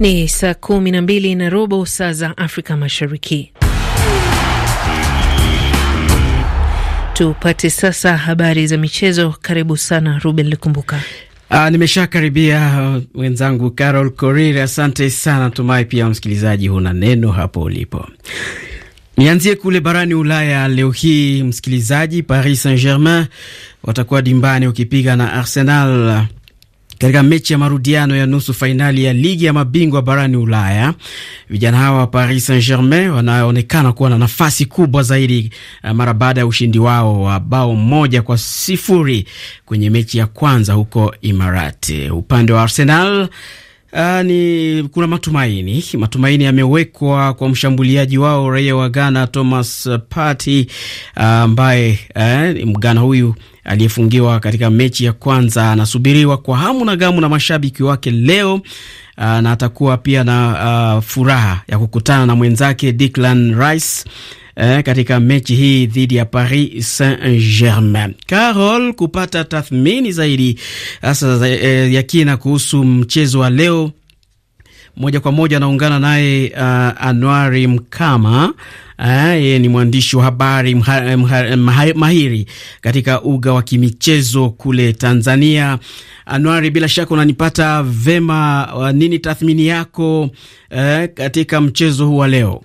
Ni saa kumi na mbili na robo saa za Afrika Mashariki. Tupate sasa habari za michezo. Karibu sana Ruben Likumbuka. Uh, ah, nimeshakaribia uh, wenzangu Carol Korir, asante sana. Tumai pia msikilizaji, huna neno hapo ulipo. Nianzie kule barani Ulaya leo hii msikilizaji, Paris Saint Germain watakuwa dimbani ukipiga na Arsenal katika mechi ya marudiano ya nusu fainali ya ligi ya mabingwa barani Ulaya. Vijana hawa wa Paris Saint Germain wanaonekana kuwa na nafasi kubwa zaidi eh, mara baada ya ushindi wao wa bao moja kwa sifuri kwenye mechi ya kwanza huko Imarati. Upande wa Arsenal Uh, ni kuna matumaini, matumaini yamewekwa kwa mshambuliaji wao raia wa Ghana Thomas Partey eh, ambaye uh, uh, Mgana huyu aliyefungiwa katika mechi ya kwanza anasubiriwa kwa hamu na gamu na mashabiki wake leo. Ah, na atakuwa pia na uh, furaha ya kukutana na mwenzake Declan Rice eh, katika mechi hii dhidi ya Paris Saint-Germain. Carol, kupata tathmini zaidi hasa eh, ya kina kuhusu mchezo wa leo moja kwa moja anaungana naye uh, Anuari Mkama. Uh, yeye ni mwandishi wa habari mha, mha, mha, mahiri katika uga wa kimichezo kule Tanzania. Anuari, bila shaka unanipata vema. Uh, nini tathmini yako uh, katika mchezo huu wa leo?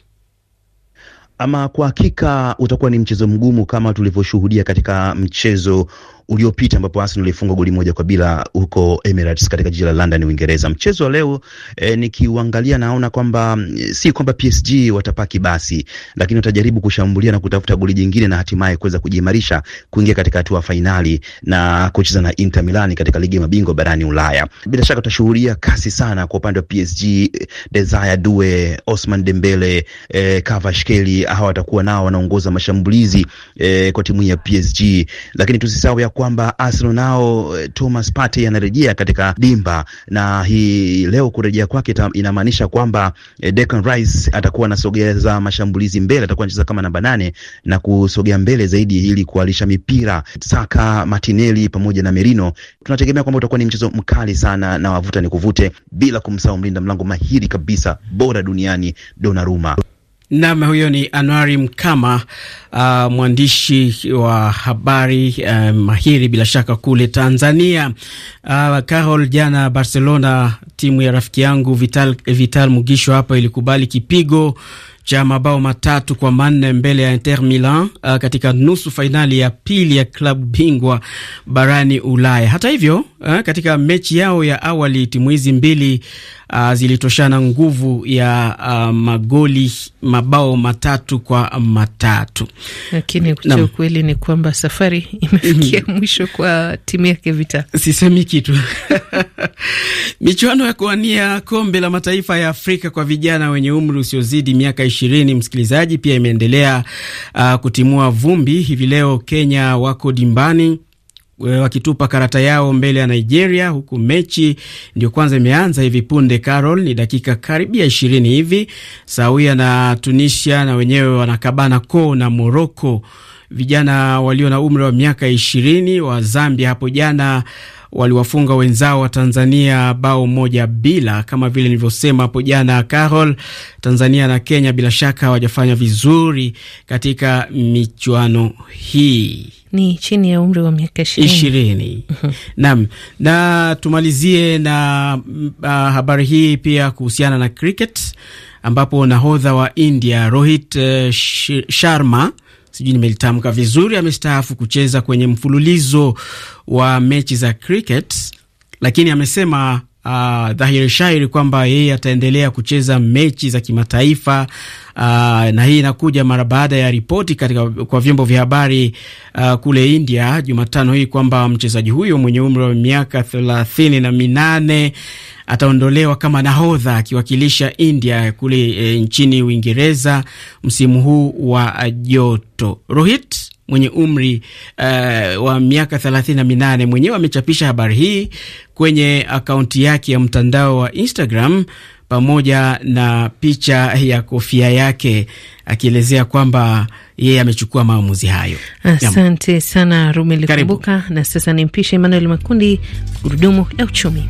Ama kwa hakika utakuwa ni mchezo mgumu kama tulivyoshuhudia katika mchezo uliopita ambapo Arsenal ilifunga goli moja kwa bila huko Emirates katika jiji la London, Uingereza. Mchezo wa leo e, nikiuangalia naona kwamba eh, si kwamba PSG watapaki basi, lakini watajaribu kushambulia na kutafuta goli jingine na hatimaye kuweza kujimarisha kuingia katika hatua fainali na kucheza na Inter Milan katika ligi ya mabingwa barani Ulaya. Bila shaka tutashuhudia kasi sana kwa upande wa PSG, eh, Desire Due, Osman Dembele, e, Kvaratskhelia hawa watakuwa nao wanaongoza mashambulizi e, kwa timu ya PSG, lakini tusisahau ya kwamba Arsenal nao eh, Thomas Partey anarejea katika dimba, na hii leo kurejea kwake inamaanisha kwamba e, Declan Rice atakuwa anasogeza mashambulizi mbele, atakuwa anacheza kama namba nane na kusogea mbele zaidi ili kualisha mipira Saka, Martinelli pamoja na Merino. Tunategemea kwamba utakuwa ni mchezo mkali sana na wavuta ni kuvute, bila kumsahau mlinda mlango mahiri kabisa bora duniani Donnarumma. Nam, huyo ni Anuari Mkama, uh, mwandishi wa habari uh, mahiri bila shaka kule Tanzania. Uh, Carol, jana Barcelona, timu ya rafiki yangu Vital, Vital Mugisho hapa ilikubali kipigo cha mabao matatu kwa manne mbele ya Inter Milan uh, katika nusu fainali ya pili ya klabu bingwa barani Ulaya. Hata hivyo uh, katika mechi yao ya awali timu hizi mbili uh, zilitoshana nguvu ya uh, magoli mabao matatu kwa matatu, lakini ukweli ni kwamba safari imefikia mwisho kwa timu yake Vita. Sisemi kitu michuano ya kuwania kombe la mataifa ya Afrika kwa vijana wenye umri usiozidi miaka ishirini msikilizaji, pia imeendelea uh, kutimua vumbi hivi leo. Kenya wako dimbani uh, wakitupa karata yao mbele ya Nigeria, huku mechi ndio kwanza imeanza hivi punde. Carol, ni dakika karibia ishirini hivi sawia na Tunisia, na wenyewe wanakabana ko na Moroko. Vijana walio na umri wa miaka ishirini wa Zambia hapo jana waliwafunga wenzao wa Tanzania bao moja bila. Kama vile nilivyosema hapo jana, Carol, Tanzania na Kenya bila shaka hawajafanya vizuri katika michuano hii ni chini ya umri wa miaka ishirini. Mhm. Naam, na tumalizie na uh, habari hii pia kuhusiana na cricket ambapo nahodha wa India Rohit uh, Sharma sijui nimelitamka vizuri, amestaafu kucheza kwenye mfululizo wa mechi za cricket, lakini amesema uh, dhahiri shairi kwamba yeye ataendelea kucheza mechi za kimataifa uh, na hii inakuja mara baada ya ripoti katika kwa vyombo vya habari uh, kule India Jumatano hii kwamba mchezaji huyo mwenye umri wa miaka thelathini na minane ataondolewa kama nahodha akiwakilisha India kule e, nchini Uingereza msimu huu wa joto. Rohit mwenye umri uh, wa miaka thelathini na minane mwenyewe amechapisha habari hii kwenye akaunti yake ya mtandao wa Instagram pamoja na picha ya kofia yake akielezea kwamba yeye amechukua maamuzi hayo. Asante Yam. sana Likumbuka, na sasa nimpishe Emmanuel Makundi, gurudumu la uchumi.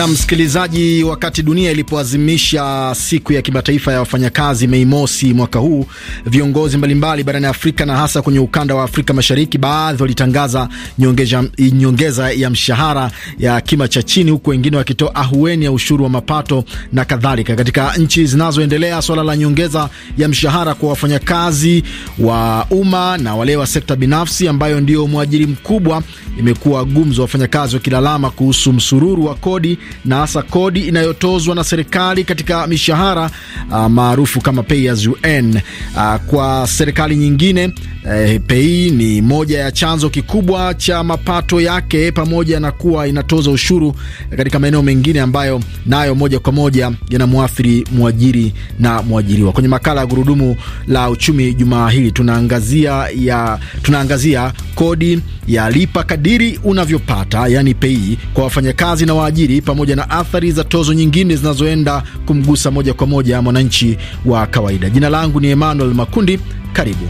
Na msikilizaji, wakati dunia ilipoazimisha siku ya kimataifa ya wafanyakazi Mei Mosi mwaka huu, viongozi mbalimbali barani Afrika na hasa kwenye ukanda wa Afrika Mashariki, baadhi walitangaza nyongeza, nyongeza ya mshahara ya kima cha chini, huku wengine wakitoa ahueni ya ushuru wa mapato na kadhalika. Katika nchi zinazoendelea, swala la nyongeza ya mshahara kwa wafanyakazi wa umma na wale wa sekta binafsi, ambayo ndio mwajiri mkubwa, imekuwa gumzo, wafanyakazi wakilalama kuhusu msururu wa kodi na hasa kodi inayotozwa na serikali katika mishahara ah, maarufu kama pay as you earn. Ah, kwa serikali nyingine uh, pay ni moja ya chanzo kikubwa cha mapato yake, pamoja na kuwa inatoza ushuru katika maeneo mengine ambayo nayo moja kwa moja yanamwathiri mwajiri na mwajiriwa. Kwenye makala ya gurudumu la uchumi jumaa hili tunaangazia ya tunaangazia kodi ya lipa kadiri unavyopata, yani pay kwa wafanyakazi na waajiri pamoja na athari za tozo nyingine zinazoenda kumgusa moja kwa moja mwananchi wa kawaida. Jina langu ni Emmanuel Makundi, karibu.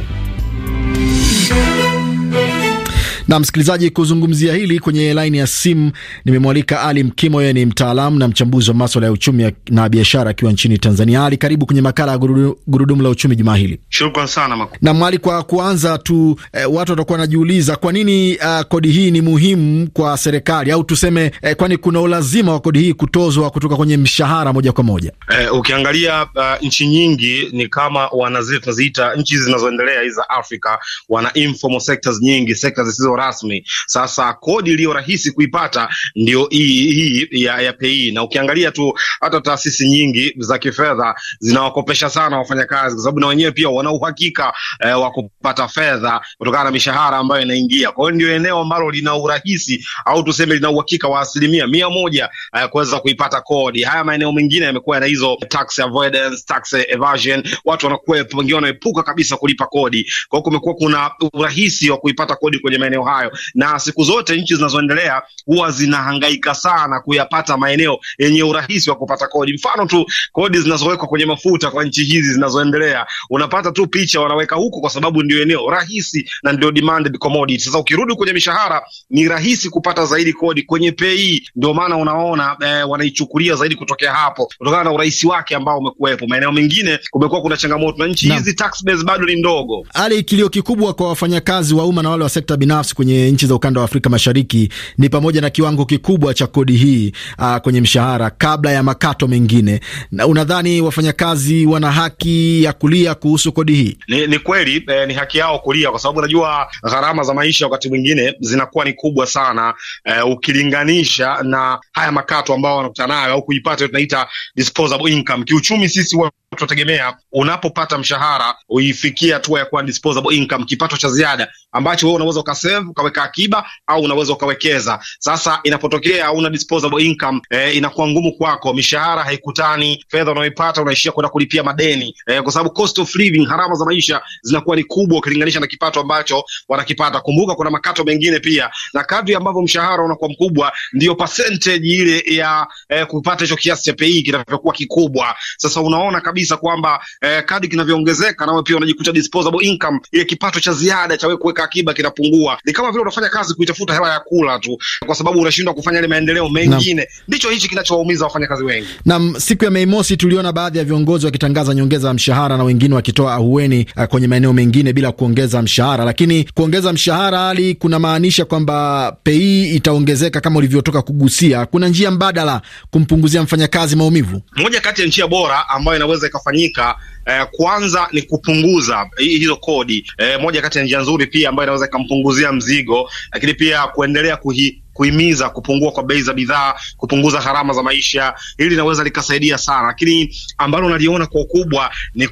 Na msikilizaji, kuzungumzia hili kwenye laini ya simu nimemwalika Ali Mkimo, yeye ni mtaalamu na mchambuzi wa maswala ya uchumi na biashara akiwa nchini Tanzania. Ali, karibu kwenye makala ya gurudumu la uchumi jumaa hili. Shukran sana Maku. Na mwali, kwa kuanza tu eh, watu watakuwa wanajiuliza kwa nini eh, kodi hii ni muhimu kwa serikali au tuseme eh, kwani kuna ulazima wa kodi hii kutozwa kutoka kwenye mshahara moja kwa moja? Eh, ukiangalia uh, nchi nyingi ni kama wanazi tunaziita nchi zinazoendelea hizi za Afrika wana informal sectors nyingi, sekta zisizo rasmi. Sasa kodi iliyo rahisi kuipata ndio hii ya, ya pei, na ukiangalia tu hata taasisi nyingi za kifedha zinawakopesha sana wafanyakazi, kwa sababu na wenyewe pia wana uhakika eh, wa kupata fedha kutokana na mishahara ambayo inaingia. Kwa hiyo ndio eneo ambalo lina urahisi au tuseme lina uhakika wa asilimia mia moja eh, kuweza kuipata kodi. Haya maeneo mengine yamekuwa yana hizo tax avoidance, tax evasion, watu wanakuwa wengine wanaepuka kabisa kulipa kodi. Kwa hiyo kumekuwa kuna urahisi wa kuipata kodi kwenye maeneo maeneo hayo, na siku zote nchi zinazoendelea huwa zinahangaika sana kuyapata maeneo yenye urahisi wa kupata kodi. Mfano tu kodi zinazowekwa kwenye mafuta kwa nchi hizi zinazoendelea, unapata tu picha wanaweka huko, kwa sababu ndio eneo rahisi na ndio demanded commodity. Sasa ukirudi kwenye mishahara, ni rahisi kupata zaidi kodi kwenye pei, ndio maana unaona eh, wanaichukulia zaidi kutokea hapo, kutokana na urahisi wake ambao umekuwepo. Maeneo mengine kumekuwa kuna changamoto na nchi hizi tax base bado ni ndogo. Hali kilio kikubwa kwa wafanyakazi wa umma na wale wa sekta binafsi kasi kwenye nchi za ukanda wa Afrika Mashariki ni pamoja na kiwango kikubwa cha kodi hii uh, kwenye mshahara kabla ya makato mengine. Na unadhani wafanyakazi wana haki ya kulia kuhusu kodi hii? Ni, ni kweli eh, ni haki yao kulia, kwa sababu unajua gharama za maisha wakati mwingine zinakuwa ni kubwa sana eh, ukilinganisha na haya makato ambao wanakutana nayo au kuipata tunaita disposable income. Kiuchumi sisi wa tunategemea unapopata mshahara uifikie hatua ya kuwa disposable income, kipato cha ziada ambacho wewe unaweza ukasave ukaweka akiba au unaweza ukawekeza. Sasa inapotokea hauna disposable income eh, inakuwa ngumu kwako, mishahara haikutani, fedha unayoipata unaishia kwenda kulipia madeni eh, kwa sababu cost of living, gharama za maisha zinakuwa ni kubwa ukilinganisha na kipato ambacho wanakipata. Kumbuka kuna makato mengine pia, na kadri ambavyo mshahara unakuwa mkubwa ndiyo percentage ile ya eh, kupata hicho kiasi cha pei kinavyokuwa kikubwa. Sasa unaona kabisa kabisa kwamba eh, kadi kinavyoongezeka nawe pia unajikuta disposable income, ile kipato cha ziada cha wewe kuweka akiba kinapungua. Ni kama vile unafanya kazi kuitafuta hela ya kula tu, kwa sababu unashindwa kufanya ile maendeleo mengine. Ndicho hichi kinachowaumiza wafanyakazi wengi. Na siku ya Mei Mosi tuliona baadhi ya viongozi wakitangaza nyongeza ya mshahara na wengine wakitoa ahueni uh, kwenye maeneo mengine bila kuongeza mshahara, lakini kuongeza mshahara ali kunamaanisha kwamba pei itaongezeka kama ulivyotoka kugusia. Kuna njia mbadala kumpunguzia mfanyakazi maumivu? Moja kati ya njia bora ambayo inaweza ikafanyika eh, kwanza ni kupunguza hizo kodi eh, moja kati ya njia nzuri pia ambayo inaweza ikampunguzia mzigo, lakini pia kuendelea kuhi kuhimiza kupungua kwa bei za bidhaa, kupunguza gharama za maisha, ili linaweza likasaidia sana. Lakini ambalo naliona kwa ukubwa ni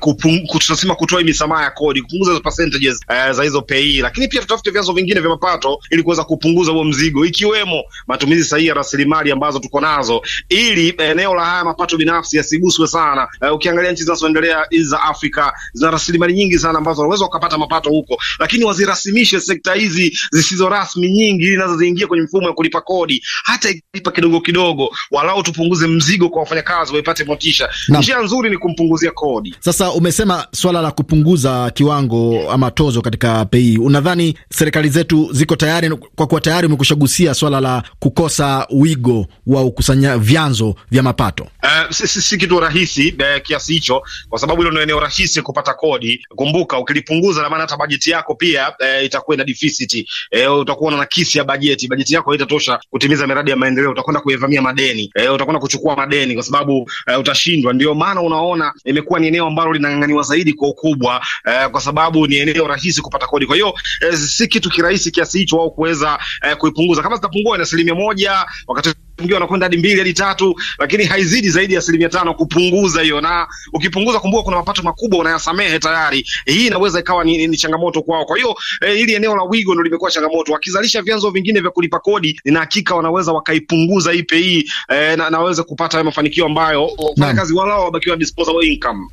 tunasema kutoa misamaha ya kodi, kupunguza percentages uh, za hizo pei, lakini pia tutafute vyanzo vingine vya mapato ili kuweza kupunguza huo mzigo, ikiwemo matumizi sahihi ya rasilimali ambazo tuko nazo, ili eneo la haya mapato binafsi yasiguswe sana. Uh, ukiangalia nchi zinazoendelea hizi za Afrika zina rasilimali nyingi sana ambazo wanaweza wakapata mapato huko, lakini wazirasimishe sekta hizi zisizo rasmi nyingi, ili nazo ziingie kwenye mfumo kulipa kodi, hata ikilipa kidogo kidogo, walau tupunguze mzigo kwa wafanyakazi waipate motisha. Njia nzuri ni kumpunguzia kodi. Sasa umesema swala la kupunguza kiwango ama tozo katika pei, unadhani serikali zetu ziko tayari? Kwa kuwa tayari umekushagusia swala la kukosa wigo wa ukusanya vyanzo vya mapato, uh, si, si, kitu rahisi eh, kiasi hicho, kwa sababu hilo ndio eneo rahisi kupata kodi. Kumbuka ukilipunguza, na maana hata bajeti yako pia eh, itakuwa na deficit eh, utakuwa na nakisi ya bajeti, bajeti yako haitatosha kutimiza miradi ya maendeleo, utakwenda kuivamia madeni e, utakwenda kuchukua madeni kwa sababu e, utashindwa. Ndio maana unaona imekuwa ni eneo ambalo linang'ang'aniwa zaidi kwa ukubwa e, kwa sababu ni eneo rahisi kupata kodi. Kwa hiyo e, si kitu kirahisi kiasi hicho wao kuweza e, kuipunguza. Kama zitapungua na asilimia moja wakati wengi wanakwenda hadi mbili hadi tatu, lakini haizidi zaidi ya asilimia tano kupunguza hiyo. Na ukipunguza, kumbuka kuna mapato makubwa unayasamehe tayari. Hii inaweza ikawa ni, ni changamoto kwao. Kwa hiyo eh, hili eneo la wigo ndo limekuwa changamoto. Wakizalisha vyanzo vingine vya kulipa kodi, nina hakika wanaweza wakaipunguza hii pei eh, na naweza kupata mafanikio ambayo wafanyakazi walao wabakiwa disposable income.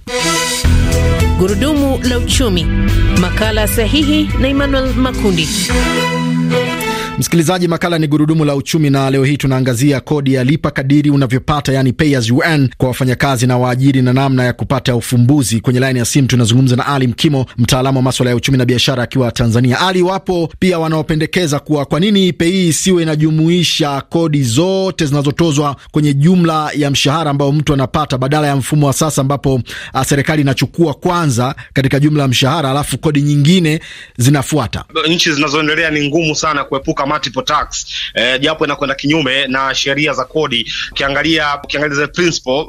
Gurudumu la uchumi, makala sahihi na Emmanuel Makundi. Msikilizaji, makala ni gurudumu la uchumi, na leo hii tunaangazia kodi ya lipa kadiri unavyopata, yani pay as you earn, kwa wafanyakazi na waajiri na namna ya kupata ufumbuzi. Kwenye laini ya simu tunazungumza na Ali Mkimo, mtaalamu wa maswala ya uchumi na biashara, akiwa Tanzania. Ali, wapo pia wanaopendekeza kuwa kwa nini pei isiwe inajumuisha kodi zote zinazotozwa kwenye jumla ya mshahara ambao mtu anapata badala ya mfumo wa sasa ambapo ah, serikali inachukua kwanza katika jumla ya mshahara alafu kodi nyingine zinafuata. Nchi zinazoendelea ni ngumu sana kuepuka multiple tax eh, japo inakwenda kinyume na sheria za kodi. Ukiangalia ukiangalia zile principle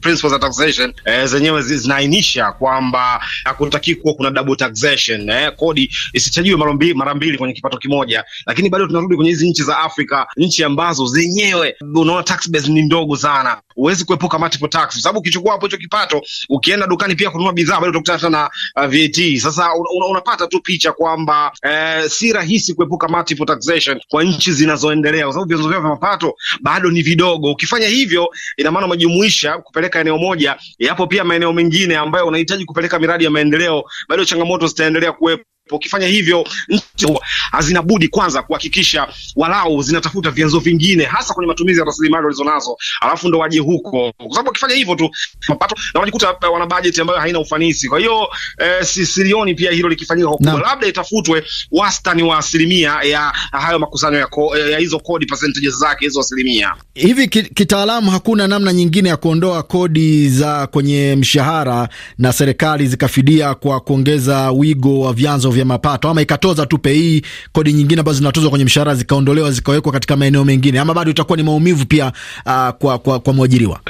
principles za taxation eh, zenyewe zinaainisha kwamba hakutaki kuwa kuna double taxation eh, kodi isichajiwe mara mbili mara mbili kwenye kipato kimoja, lakini bado tunarudi kwenye hizi nchi za Afrika, nchi ambazo zenyewe unaona tax base ni ndogo sana huwezi kuepuka multiple tax, kwa sababu ukichukua hapo hicho kipato ukienda dukani pia kununua bidhaa bado utakutana na uh, VAT. Sasa un, unapata tu picha kwamba eh, si rahisi kuepuka multiple taxation kwa nchi zinazoendelea, kwa sababu vyanzo vyao vya mapato bado ni vidogo. Ukifanya hivyo, ina maana unajumuisha kupeleka eneo moja, yapo pia maeneo mengine ambayo unahitaji kupeleka miradi ya maendeleo, bado changamoto zitaendelea kuwepo. Ukifanya hivyo nchi hazina budi kwanza kuhakikisha walau zinatafuta vyanzo vingine, hasa kwenye matumizi ya rasilimali walizonazo, alafu ndo waje huko, kwa sababu wakifanya hivyo tu mapato na wanajikuta wana bajeti ambayo haina ufanisi. Kwa hiyo eh, silioni pia hilo likifanyika kwa kubwa, labda itafutwe wastani wa asilimia ya hayo makusanyo ya, ko, ya hizo kodi percentages zake hizo asilimia hivi. Kitaalamu hakuna namna nyingine ya kuondoa kodi za kwenye mshahara na serikali zikafidia kwa kuongeza wigo wa vyanzo vya ya mapato, ama ikatoza tu pei kodi nyingine ambazo zinatozwa kwenye mshahara zikaondolewa zikawekwa katika maeneo mengine, ama bado itakuwa ni maumivu pia uh, kwa, kwa, kwa mwajiriwa.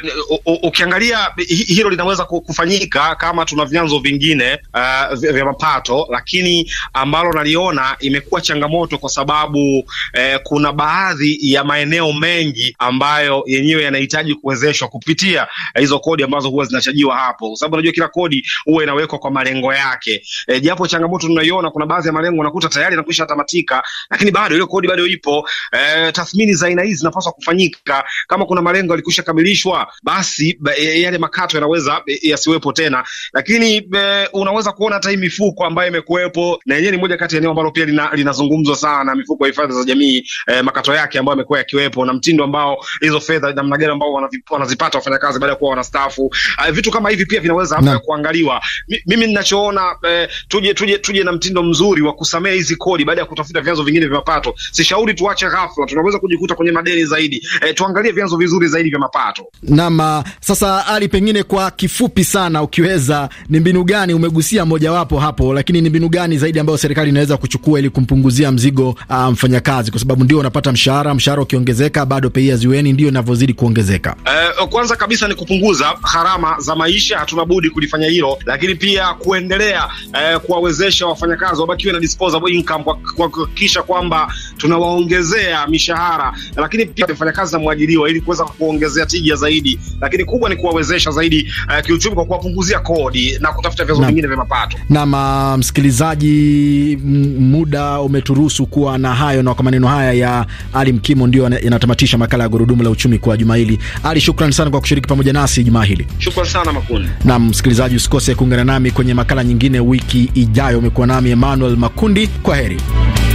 Ukiangalia hilo linaweza kufanyika kama tuna vyanzo vingine uh, vya mapato, lakini ambalo naliona imekuwa changamoto kwa sababu eh, kuna baadhi ya maeneo mengi ambayo yenyewe yanahitaji kuwezeshwa kupitia eh, hizo kodi ambazo huwa zinachajiwa hapo, kwa sababu unajua kila kodi huwa inawekwa kwa malengo yake, eh, japo changamoto tunayo unaona kuna baadhi ya malengo unakuta tayari yanakwisha tamatika, lakini bado ile kodi bado ipo. E, tathmini za aina hizi zinapaswa kufanyika. Kama kuna malengo yalikwisha kamilishwa, basi e, yale makato yanaweza e, yasiwepo tena, lakini e, unaweza kuona hata hii mifuko ambayo imekuwepo na yenyewe ni moja kati ya eneo ambalo pia linazungumzwa lina sana, mifuko ya hifadhi za jamii e, makato yake ambayo yamekuwa yakiwepo na mtindo ambao hizo fedha namna gani ambao wanazipata wafanyakazi baada ya kuwa wanastaafu. E, vitu kama hivi pia vinaweza hapa kuangaliwa. Mimi ninachoona e, tuje tuje tuje na mtindo mtindo mzuri wa kusamea hizi kodi baada ya kutafuta vyanzo vingine vya mapato. Sishauri tuache ghafla, tunaweza kujikuta kwenye madeni zaidi. E, tuangalie vyanzo vizuri zaidi vya mapato. Naam, ah, sasa Ali, pengine kwa kifupi sana, ukiweza, ni mbinu gani umegusia mojawapo hapo, lakini ni mbinu gani zaidi ambayo serikali inaweza kuchukua ili kumpunguzia mzigo uh, mfanyakazi, kwa sababu ndio unapata mshahara, mshahara ukiongezeka bado pei ziweni ndio inavyozidi kuongezeka. E, kwanza kabisa ni kupunguza gharama za maisha, hatuna budi kulifanya hilo, lakini pia kuendelea e, kuwawezesha wafanya wafanyakazi wabakiwe na disposable income kwa kuhakikisha kwamba tunawaongezea mishahara, lakini pia wafanyakazi na mwajiriwa ili kuweza kuongezea tija zaidi, lakini kubwa ni kuwawezesha zaidi uh, kiuchumi kwa kuwapunguzia kodi na kutafuta vyanzo vingine vya mapato. Na ah, msikilizaji, muda umeturuhusu kuwa na hayo, na kwa maneno haya ya Ali Mkimo ndio inatamatisha makala ya gurudumu la uchumi kwa juma hili. Ali, shukrani sana kwa kushiriki pamoja nasi juma hili. Shukrani sana Makundi. Na msikilizaji, usikose kuungana nami kwenye makala nyingine wiki ijayo. Umekuwa na nami Emmanuel Makundi, kwa heri.